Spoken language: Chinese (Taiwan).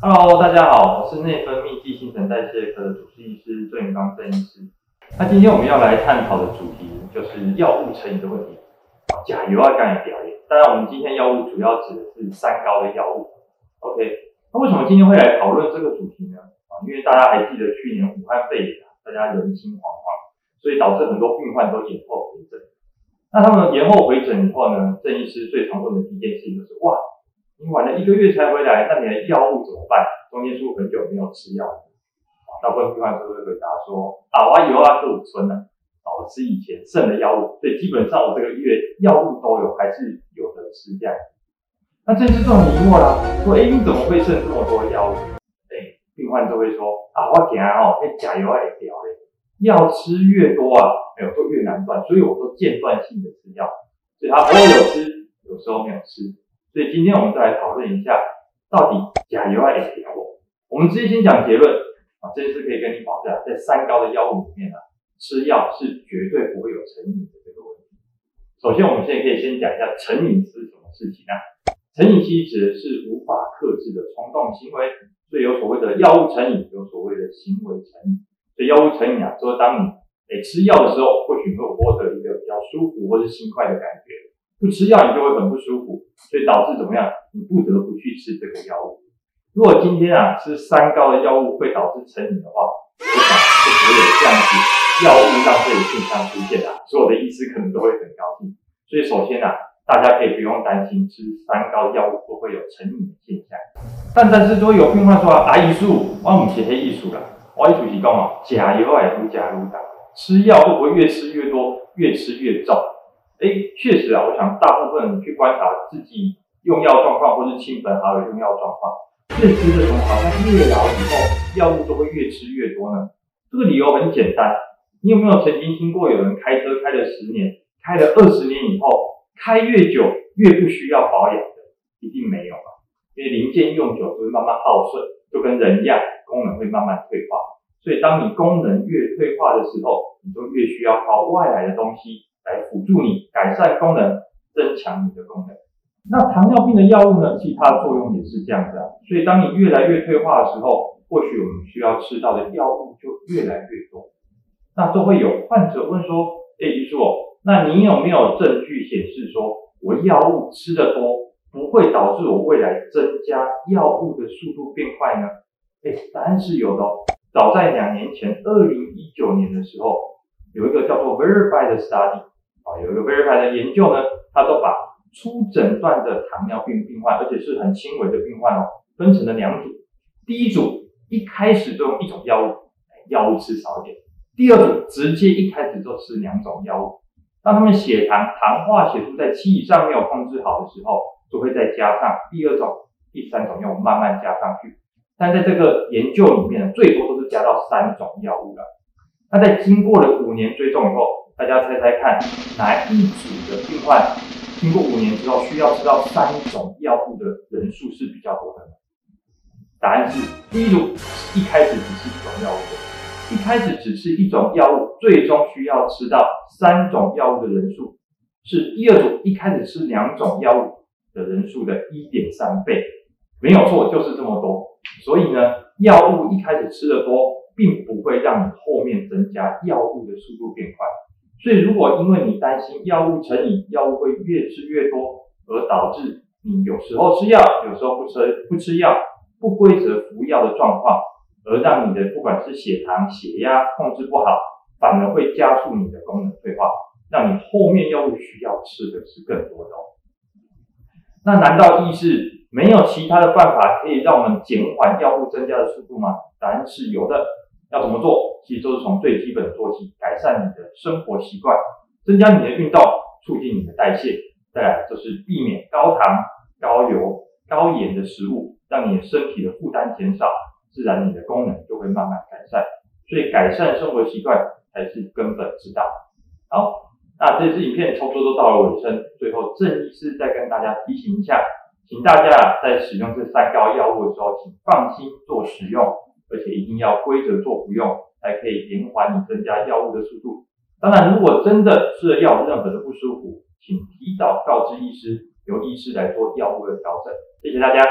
Hello，大家好，我是內分泌暨新陳代謝科的主治醫師鄭畬方鄭醫師。那今天我們要來探討的主題就是藥物成癮的問題。假如啊，趕緊表演！當然，我們今天藥物主要指的是三高的藥物。OK，那為什麼今天會來討論這個主題呢？啊，因為大家還記得去年武漢肺炎，大家人心惶惶，所以導致很多病患都延後回診。那他們延後回診以後呢，鄭醫師最常問的第一件事就是哇。你晚了一個月才回來，那你的藥物怎麼辦？中間是不是很久沒有吃藥物？啊，大部分病患都會回答說：好啊，我有啊，都存、啊、了、啊，我吃以前剩的藥物。所以基本上我這個月藥物都有，還是有的吃掉。那這次、啊、就很疑惑啦，說：誒，你怎麼會剩這麼多藥物？誒，病患都會說：啊，我行哦，哎，甲油還得掉了，藥吃越多啊，哎，就越難斷。所以我都間斷性的吃藥，所以他偶爾有吃，有時候沒有吃。所以今天我們再來討論一下，到底甲油還是乙油？我們直接先講結論啊，這次可以跟你保證啊，在三高的藥物裡面呢，啊，吃藥是絕對不會有成癮的這個問題。首先，我們現在可以先講一下成癮是什麼事情啊。成癮其實指的是無法克制的衝動行為，所以有所謂的藥物成癮，有所謂的行為成癮。所以藥物成癮啊，就是當你誒吃藥的時候，或許會獲得一個比較舒服或是輕快的感覺。不吃藥你就會很不舒服，所以導致怎麼樣？你不得不去吃這個藥物。如果今天啊吃三高的藥物會導致成癮的話，我想不所有這樣子藥物上會有成癮出現啊。所有的醫師可能都會很高興。所以首先啊，大家可以不用擔心吃三高藥物會不會有成癮的現象。但但是，是說有病患說啊，阿醫師，我唔寫藝術啦，我醫師是講啊，假藥還不如假乳糖。吃藥會越來越來越吃藥會不會越吃越多，越吃越重？哎，確實啊，我想大部分人去觀察自己用藥狀況，或是親朋好友用藥狀況，認知這種好像越老以後藥物都會越吃越多呢。這個理由很簡單，你有沒有曾經聽過有人開車開了十年，開了二十年以後，開越久越不需要保養的？一定沒有了，因為零件用久就會慢慢耗損，就跟人一樣，功能會慢慢退化。所以當你功能越退化的時候，你就越需要靠外來的東西。來輔助你改善功能，增強你的功能。那糖尿病的藥物呢？其他的作用也是這樣子。啊，所以，當你越來越退化的時候，或許我們需要吃到的藥物就越來越多。那都會有患者問說：“哎，醫師，那你有沒有證據顯示說，我藥物吃得多，不會導致我未來增加藥物的速度變快呢？”哎，答案是有的。早在兩年前，二零一九年的時候，有一個叫做 Verify 的 Study。啊，有一個 VERIFY 的研究呢，他都把初診斷的糖尿病病患，而且是很輕微的病患哦，分成了兩組。第一組一開始就用一種藥物，藥物吃少一點；第二組直接一開始就吃兩種藥物。當他們血糖糖化血素在七以上沒有控制好的時候，就會再加上第二種、第三種藥物慢慢加上去。但在這個研究裡面呢，最多都是加到三種藥物了。那在經過了五年追蹤以後。大家猜猜看，哪一組的病患，經過五年之後需要吃到三種藥物的人數是比較多的呢？答案是第一組，一開始只是一種藥物的。一開始只是一種藥物，最終需要吃到三種藥物的人數，是第二組一開始吃兩種藥物的人數的一點三倍。沒有錯，就是這麼多。所以呢，藥物一開始吃得多，並不會讓你後面增加藥物的速度變快。所以，如果因為你擔心藥物成癮，藥物會越吃越多，而導致你有時候吃藥，有時候不吃不吃藥，不規則服藥的狀況，而讓你的不管是血糖、血壓控制不好，反而會加速你的功能退化，讓你後面藥物需要吃的是更多的哦。那難道意思是沒有其他的辦法可以讓我們減緩藥物增加的速度嗎？答案是有的。要怎麼做？其實就是從最基本的做起，改善你的生活習慣，增加你的運動，促進你的代謝。再來就是避免高糖、高油、高鹽的食物，讓你的身體的負擔減少，自然你的功能就會慢慢改善。所以改善生活習慣才是根本之道。好，那這支影片差不多都到了尾聲，最後鄭醫師再跟大家提醒一下，請大家在使用這三高藥物的時候，請放心做使用。而且一定要規則做服用，才可以延緩你增加藥物的速度。當然，如果真的吃了藥，任何的不舒服，請提早告知醫師，由醫師來做藥物的調整。謝謝大家。